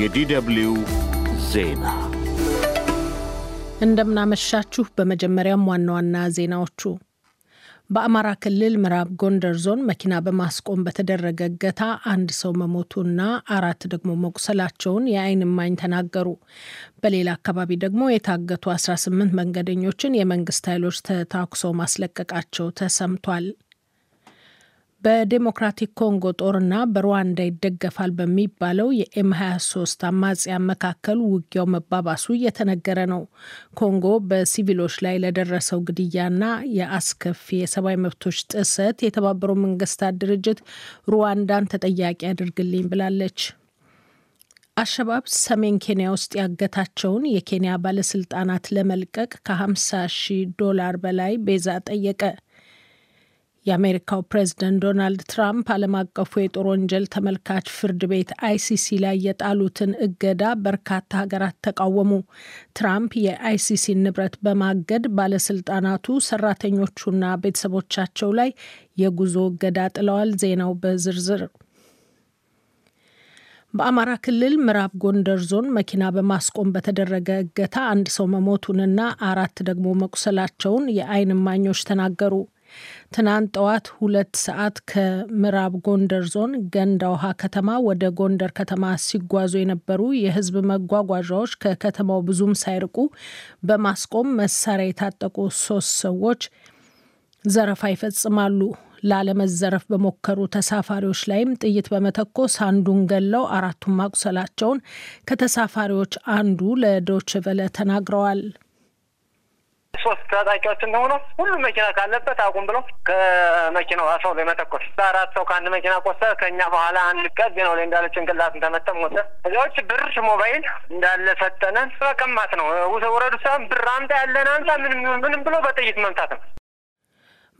የዲደብሊው ዜና እንደምናመሻችሁ። በመጀመሪያም ዋና ዋና ዜናዎቹ በአማራ ክልል ምዕራብ ጎንደር ዞን መኪና በማስቆም በተደረገ እገታ አንድ ሰው መሞቱና አራት ደግሞ መቁሰላቸውን የዓይን እማኝ ተናገሩ። በሌላ አካባቢ ደግሞ የታገቱ 18 መንገደኞችን የመንግስት ኃይሎች ተታኩሰው ማስለቀቃቸው ተሰምቷል። በዴሞክራቲክ ኮንጎ ጦርና በሩዋንዳ ይደገፋል በሚባለው የኤም 23 አማጽያ መካከል ውጊያው መባባሱ እየተነገረ ነው። ኮንጎ በሲቪሎች ላይ ለደረሰው ግድያና የአስከፊ የሰብአዊ መብቶች ጥሰት የተባበረው መንግስታት ድርጅት ሩዋንዳን ተጠያቂ አድርግልኝ ብላለች። አሸባብ ሰሜን ኬንያ ውስጥ ያገታቸውን የኬንያ ባለስልጣናት ለመልቀቅ ከ50 ሺህ ዶላር በላይ ቤዛ ጠየቀ። የአሜሪካው ፕሬዝደንት ዶናልድ ትራምፕ ዓለም አቀፉ የጦር ወንጀል ተመልካች ፍርድ ቤት አይሲሲ ላይ የጣሉትን እገዳ በርካታ ሀገራት ተቃወሙ። ትራምፕ የአይሲሲን ንብረት በማገድ ባለስልጣናቱ ሰራተኞቹና ቤተሰቦቻቸው ላይ የጉዞ እገዳ ጥለዋል። ዜናው በዝርዝር በአማራ ክልል ምዕራብ ጎንደር ዞን መኪና በማስቆም በተደረገ እገታ አንድ ሰው መሞቱንና አራት ደግሞ መቁሰላቸውን የዓይን እማኞች ተናገሩ። ትናንት ጠዋት ሁለት ሰዓት ከምዕራብ ጎንደር ዞን ገንዳ ውሃ ከተማ ወደ ጎንደር ከተማ ሲጓዙ የነበሩ የሕዝብ መጓጓዣዎች ከከተማው ብዙም ሳይርቁ በማስቆም መሳሪያ የታጠቁ ሶስት ሰዎች ዘረፋ ይፈጽማሉ። ላለመዘረፍ በሞከሩ ተሳፋሪዎች ላይም ጥይት በመተኮስ አንዱን ገለው አራቱን ማቁሰላቸውን ከተሳፋሪዎች አንዱ ለዶችቨለ ተናግረዋል። ሶስት ታጣቂዎች እንደሆኑ ሁሉ መኪና ካለበት አቁም ብለው ከመኪናው ሰው ላይ መተኮስ አራት ሰው ከአንድ መኪና ቆሰ ከእኛ በኋላ አንድ ቀዝ ነው ላይ እንዳለ ጭንቅላት ተመተ ሞተ። እዚያዎች ብር ሞባይል እንዳለ ሰጠነን። በቀማት ነው ውረዱ ብር አምጣ ያለን አንጻ ምንም ምንም ብሎ በጥይት መምታት ነው።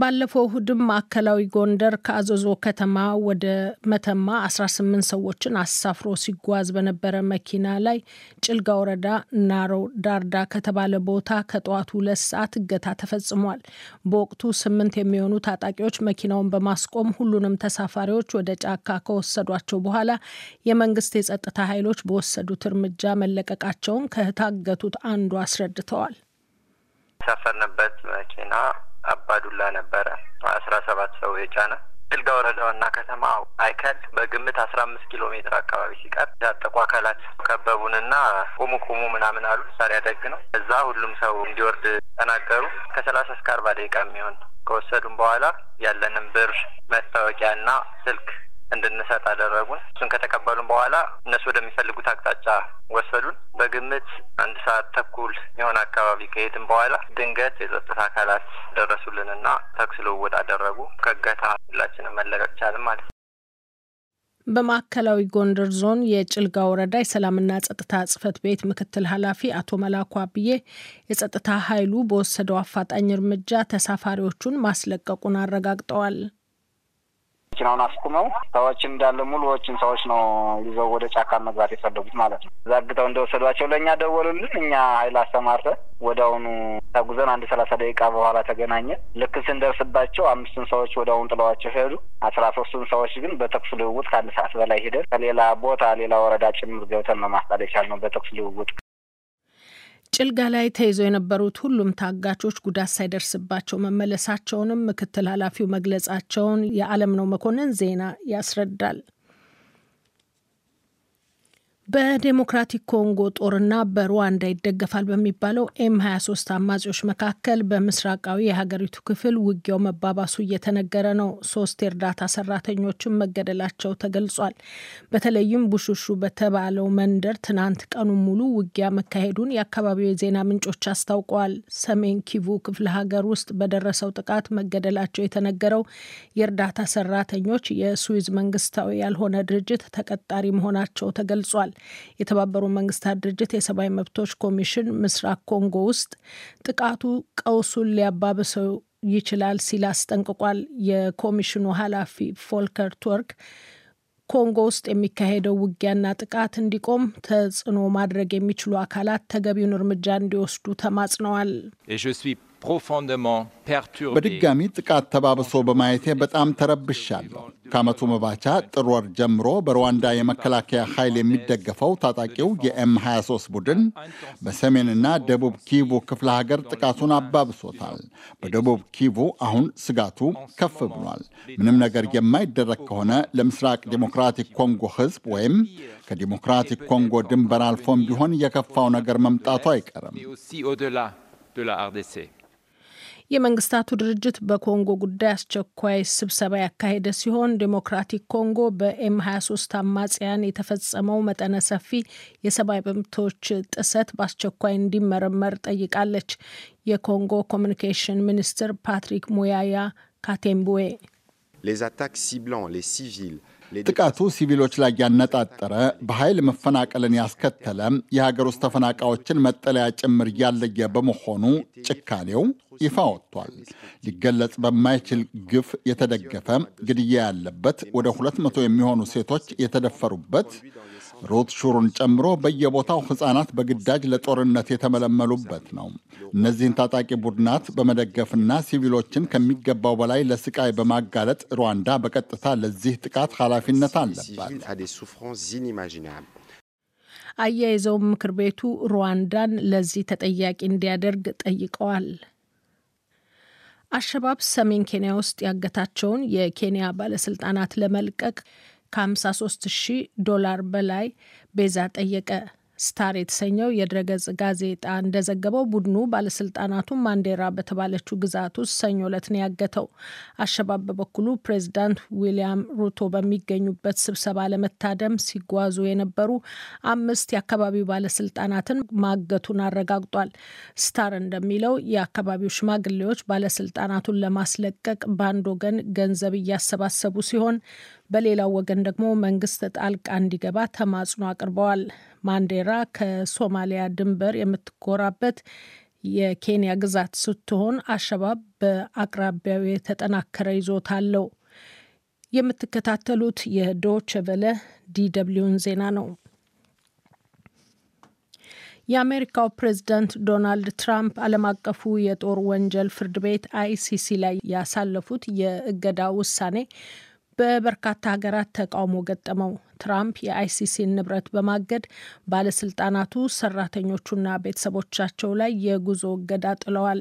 ባለፈው እሁድም ማዕከላዊ ጎንደር ከአዘዞ ከተማ ወደ መተማ 18 ሰዎችን አሳፍሮ ሲጓዝ በነበረ መኪና ላይ ጭልጋ ወረዳ ናሮ ዳርዳ ከተባለ ቦታ ከጠዋቱ ሁለት ሰዓት እገታ ተፈጽሟል። በወቅቱ ስምንት የሚሆኑ ታጣቂዎች መኪናውን በማስቆም ሁሉንም ተሳፋሪዎች ወደ ጫካ ከወሰዷቸው በኋላ የመንግስት የጸጥታ ኃይሎች በወሰዱት እርምጃ መለቀቃቸውን ከታገቱት አንዱ አስረድተዋል። ሰፈርንበት መኪና ዱላ ነበረ አስራ ሰባት ሰው የጫነ ጭልጋ ወረዳውና ከተማ አይከል በግምት አስራ አምስት ኪሎ ሜትር አካባቢ ሲቀር ያጠቁ አካላት ከበቡንና ቁሙ ቁሙ ምናምን አሉ። ሳሪያ ደግ ነው። እዛ ሁሉም ሰው እንዲወርድ ተናገሩ። ከሰላሳ እስከ አርባ ደቂቃ የሚሆን ከወሰዱም በኋላ ያለንን ብር መታወቂያና ስልክ እንድንሰጥ አደረጉን። እሱን ከተቀበሉን በኋላ እነሱ ወደሚፈልጉት አቅጣጫ ወሰዱን። በግምት አንድ ሰዓት ተኩል የሆነ አካባቢ ከሄድን በኋላ ድንገት የጸጥታ አካላት ደረሱልንና ተኩስ ልውውጥ አደረጉ። ከእገታ ሁላችንም መለቀቅ ቻልን ማለት ነው። በማዕከላዊ ጎንደር ዞን የጭልጋ ወረዳ የሰላምና ጸጥታ ጽፈት ቤት ምክትል ኃላፊ አቶ መላኩ አብዬ የጸጥታ ኃይሉ በወሰደው አፋጣኝ እርምጃ ተሳፋሪዎቹን ማስለቀቁን አረጋግጠዋል። መኪናውን አስቁመው ሰዎች እንዳለ ሙሉዎችን ሰዎች ነው ይዘው ወደ ጫካ መግባት የፈለጉት ማለት ነው። እዛ ግተው እንደወሰዷቸው ለእኛ ደወሉልን። እኛ ኃይል ወደ አሁኑ ተጉዘን አንድ ሰላሳ ደቂቃ በኋላ ተገናኘ። ልክ ስንደርስባቸው አምስቱን ሰዎች ወደ ወዳውኑ ጥለዋቸው ሄዱ። አስራ ሶስቱን ሰዎች ግን በተኩስ ልውውጥ ከአንድ ሰዓት በላይ ሂደን ከሌላ ቦታ ሌላ ወረዳ ጭምር ገብተን ነው ማስጣል የቻልነው በተኩስ ልውውጥ ጭልጋ ላይ ተይዘው የነበሩት ሁሉም ታጋቾች ጉዳት ሳይደርስባቸው መመለሳቸውንም ምክትል ኃላፊው መግለጻቸውን የዓለም ነው መኮንን ዜና ያስረዳል። በዴሞክራቲክ ኮንጎ ጦርና በሩዋንዳ ይደገፋል በሚባለው ኤም 23 አማጺዎች መካከል በምስራቃዊ የሀገሪቱ ክፍል ውጊያው መባባሱ እየተነገረ ነው። ሶስት የእርዳታ ሰራተኞችም መገደላቸው ተገልጿል። በተለይም ቡሹሹ በተባለው መንደር ትናንት ቀኑን ሙሉ ውጊያ መካሄዱን የአካባቢው የዜና ምንጮች አስታውቀዋል። ሰሜን ኪቩ ክፍለ ሀገር ውስጥ በደረሰው ጥቃት መገደላቸው የተነገረው የእርዳታ ሰራተኞች የስዊዝ መንግስታዊ ያልሆነ ድርጅት ተቀጣሪ መሆናቸው ተገልጿል። የተባበሩ መንግስታት ድርጅት የሰብአዊ መብቶች ኮሚሽን ምስራቅ ኮንጎ ውስጥ ጥቃቱ ቀውሱን ሊያባብሰው ይችላል ሲል አስጠንቅቋል። የኮሚሽኑ ኃላፊ ፎልከር ቱርክ ኮንጎ ውስጥ የሚካሄደው ውጊያና ጥቃት እንዲቆም ተጽዕኖ ማድረግ የሚችሉ አካላት ተገቢውን እርምጃ እንዲወስዱ ተማጽነዋል። በድጋሚ ጥቃት ተባብሶ በማየቴ በጣም ተረብሻለሁ። ከዓመቱ መባቻ ጥር ወር ጀምሮ በሩዋንዳ የመከላከያ ኃይል የሚደገፈው ታጣቂው የኤም 23 ቡድን በሰሜንና ደቡብ ኪቡ ክፍለ ሀገር ጥቃቱን አባብሶታል። በደቡብ ኪቡ አሁን ስጋቱ ከፍ ብሏል። ምንም ነገር የማይደረግ ከሆነ ለምስራቅ ዲሞክራቲክ ኮንጎ ሕዝብ ወይም ከዲሞክራቲክ ኮንጎ ድንበር አልፎም ቢሆን የከፋው ነገር መምጣቱ አይቀርም። የመንግስታቱ ድርጅት በኮንጎ ጉዳይ አስቸኳይ ስብሰባ ያካሄደ ሲሆን ዴሞክራቲክ ኮንጎ በኤም 23 አማጽያን የተፈጸመው መጠነ ሰፊ የሰብአዊ መብቶች ጥሰት በአስቸኳይ እንዲመረመር ጠይቃለች። የኮንጎ ኮሚኒኬሽን ሚኒስትር ፓትሪክ ሙያያ ካቴምቡዌ ጥቃቱ ሲቪሎች ላይ ያነጣጠረ፣ በኃይል መፈናቀልን ያስከተለ፣ የሀገር ውስጥ ተፈናቃዮችን መጠለያ ጭምር ያለየ በመሆኑ ጭካኔው ይፋ ወጥቷል። ሊገለጽ በማይችል ግፍ የተደገፈ ግድያ ያለበት፣ ወደ ሁለት መቶ የሚሆኑ ሴቶች የተደፈሩበት ሩት ሹሩን ጨምሮ በየቦታው ሕፃናት በግዳጅ ለጦርነት የተመለመሉበት ነው። እነዚህን ታጣቂ ቡድናት በመደገፍና ሲቪሎችን ከሚገባው በላይ ለስቃይ በማጋለጥ ሩዋንዳ በቀጥታ ለዚህ ጥቃት ኃላፊነት አለባት። አያይዘውም ምክር ቤቱ ሩዋንዳን ለዚህ ተጠያቂ እንዲያደርግ ጠይቀዋል። አሸባብ ሰሜን ኬንያ ውስጥ ያገታቸውን የኬንያ ባለስልጣናት ለመልቀቅ ከ53 ሺህ ዶላር በላይ ቤዛ ጠየቀ። ስታር የተሰኘው የድረገጽ ጋዜጣ እንደዘገበው ቡድኑ ባለስልጣናቱን ማንዴራ በተባለችው ግዛት ውስጥ ሰኞ ዕለት ነው ያገተው። አሸባብ በበኩሉ ፕሬዚዳንት ዊሊያም ሩቶ በሚገኙበት ስብሰባ ለመታደም ሲጓዙ የነበሩ አምስት የአካባቢው ባለስልጣናትን ማገቱን አረጋግጧል። ስታር እንደሚለው የአካባቢው ሽማግሌዎች ባለስልጣናቱን ለማስለቀቅ በአንድ ወገን ገንዘብ እያሰባሰቡ ሲሆን በሌላው ወገን ደግሞ መንግስት ጣልቃ እንዲገባ ተማጽኖ አቅርበዋል። ማንዴራ ከሶማሊያ ድንበር የምትጎራበት የኬንያ ግዛት ስትሆን አሸባብ በአቅራቢያው የተጠናከረ ይዞታ አለው። የምትከታተሉት የዶች ቨለ ዲደብሊውን ዜና ነው። የአሜሪካው ፕሬዝዳንት ዶናልድ ትራምፕ ዓለም አቀፉ የጦር ወንጀል ፍርድ ቤት አይሲሲ ላይ ያሳለፉት የእገዳ ውሳኔ በበርካታ ሀገራት ተቃውሞ ገጠመው። ትራምፕ የአይሲሲን ንብረት በማገድ ባለስልጣናቱ ሰራተኞቹና ቤተሰቦቻቸው ላይ የጉዞ እገዳ ጥለዋል።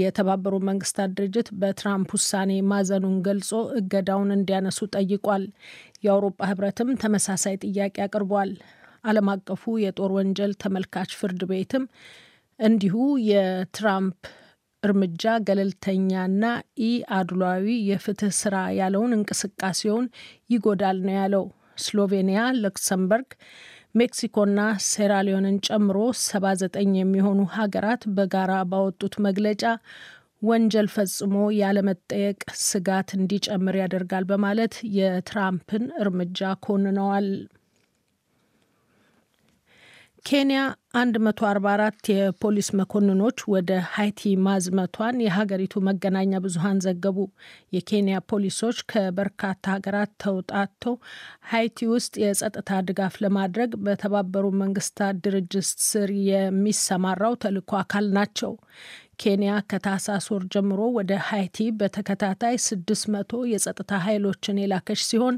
የተባበሩ መንግስታት ድርጅት በትራምፕ ውሳኔ ማዘኑን ገልጾ እገዳውን እንዲያነሱ ጠይቋል። የአውሮፓ ህብረትም ተመሳሳይ ጥያቄ አቅርቧል። ዓለም አቀፉ የጦር ወንጀል ተመልካች ፍርድ ቤትም እንዲሁ የትራምፕ እርምጃ ገለልተኛና ኢ አድሏዊ የፍትህ ስራ ያለውን እንቅስቃሴውን ይጎዳል ነው ያለው። ስሎቬኒያ፣ ሉክሰምበርግ፣ ሜክሲኮና ሴራሊዮንን ጨምሮ 79 የሚሆኑ ሀገራት በጋራ ባወጡት መግለጫ ወንጀል ፈጽሞ ያለመጠየቅ ስጋት እንዲጨምር ያደርጋል በማለት የትራምፕን እርምጃ ኮንነዋል። ኬንያ 144 የፖሊስ መኮንኖች ወደ ሀይቲ ማዝመቷን የሀገሪቱ መገናኛ ብዙሀን ዘገቡ። የኬንያ ፖሊሶች ከበርካታ ሀገራት ተውጣተው ሀይቲ ውስጥ የጸጥታ ድጋፍ ለማድረግ በተባበሩ መንግስታት ድርጅት ስር የሚሰማራው ተልኮ አካል ናቸው። ኬንያ ከታህሳስ ወር ጀምሮ ወደ ሃይቲ በተከታታይ 600 የጸጥታ ኃይሎችን የላከች ሲሆን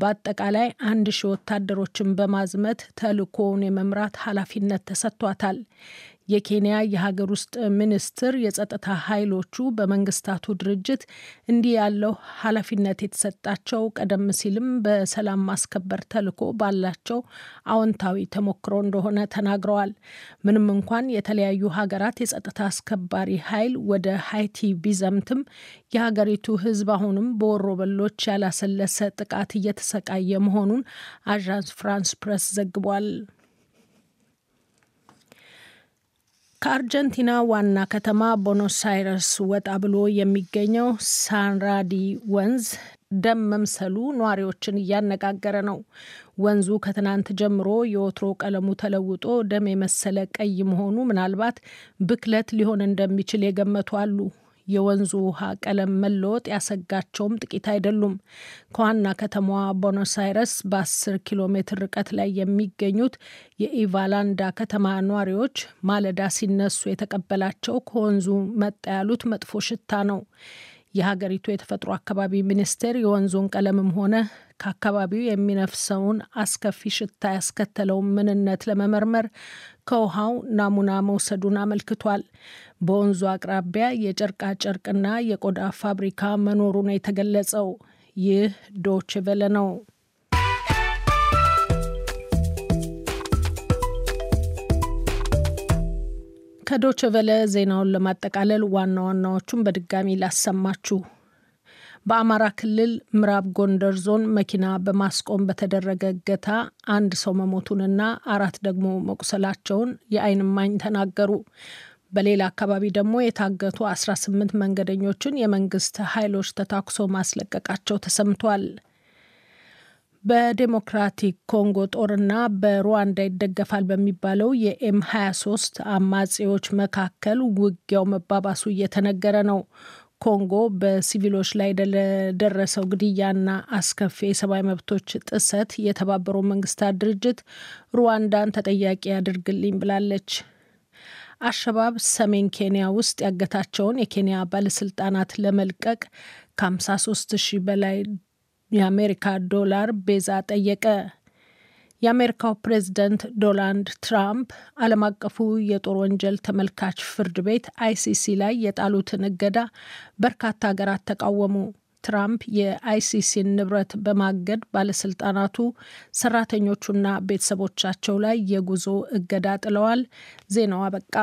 በአጠቃላይ አንድ ሺህ ወታደሮችን በማዝመት ተልእኮውን የመምራት ኃላፊነት ተሰጥቷታል። የኬንያ የሀገር ውስጥ ሚኒስትር የጸጥታ ኃይሎቹ በመንግስታቱ ድርጅት እንዲህ ያለው ኃላፊነት የተሰጣቸው ቀደም ሲልም በሰላም ማስከበር ተልዕኮ ባላቸው አዎንታዊ ተሞክሮ እንደሆነ ተናግረዋል። ምንም እንኳን የተለያዩ ሀገራት የጸጥታ አስከባሪ ኃይል ወደ ሀይቲ ቢዘምትም የሀገሪቱ ሕዝብ አሁንም በወሮበሎች ያላሰለሰ ጥቃት እየተሰቃየ መሆኑን አዣንስ ፍራንስ ፕሬስ ዘግቧል። ከአርጀንቲና ዋና ከተማ ቦኖስ አይረስ ወጣ ብሎ የሚገኘው ሳንራዲ ወንዝ ደም መምሰሉ ነዋሪዎችን እያነጋገረ ነው። ወንዙ ከትናንት ጀምሮ የወትሮ ቀለሙ ተለውጦ ደም የመሰለ ቀይ መሆኑ ምናልባት ብክለት ሊሆን እንደሚችል የገመቱ አሉ። የወንዙ ውሃ ቀለም መለወጥ ያሰጋቸውም ጥቂት አይደሉም። ከዋና ከተማዋ ቦኖስ አይረስ በ10 ኪሎ ሜትር ርቀት ላይ የሚገኙት የኢቫላንዳ ከተማ ነዋሪዎች ማለዳ ሲነሱ የተቀበላቸው ከወንዙ መጣ ያሉት መጥፎ ሽታ ነው። የሀገሪቱ የተፈጥሮ አካባቢ ሚኒስቴር የወንዙን ቀለምም ሆነ ከአካባቢው የሚነፍሰውን አስከፊ ሽታ ያስከተለውን ምንነት ለመመርመር ከውሃው ናሙና መውሰዱን አመልክቷል። በወንዙ አቅራቢያ የጨርቃ ጨርቅና የቆዳ ፋብሪካ መኖሩ ነው የተገለጸው። ይህ ዶች ነው። ከዶች ቨለ ዜናውን ለማጠቃለል ዋና ዋናዎቹን በድጋሚ ላሰማችሁ። በአማራ ክልል ምዕራብ ጎንደር ዞን መኪና በማስቆም በተደረገ እገታ አንድ ሰው መሞቱንና አራት ደግሞ መቁሰላቸውን የአይን እማኝ ተናገሩ። በሌላ አካባቢ ደግሞ የታገቱ 18 መንገደኞችን የመንግስት ኃይሎች ተታኩሶ ማስለቀቃቸው ተሰምቷል። በዴሞክራቲክ ኮንጎ ጦርና በሩዋንዳ ይደገፋል በሚባለው የኤም 23 አማጺዎች መካከል ውጊያው መባባሱ እየተነገረ ነው። ኮንጎ በሲቪሎች ላይ ለደረሰው ግድያና አስከፊ የሰብአዊ መብቶች ጥሰት የተባበሩ መንግስታት ድርጅት ሩዋንዳን ተጠያቂ ያድርግልኝ ብላለች። አሸባብ ሰሜን ኬንያ ውስጥ ያገታቸውን የኬንያ ባለስልጣናት ለመልቀቅ ከ53 ሺህ በላይ የአሜሪካ ዶላር ቤዛ ጠየቀ። የአሜሪካው ፕሬዝደንት ዶናልድ ትራምፕ ዓለም አቀፉ የጦር ወንጀል ተመልካች ፍርድ ቤት አይሲሲ ላይ የጣሉትን እገዳ በርካታ ሀገራት ተቃወሙ። ትራምፕ የአይሲሲን ንብረት በማገድ ባለስልጣናቱ ሰራተኞቹና ቤተሰቦቻቸው ላይ የጉዞ እገዳ ጥለዋል። ዜናው አበቃ።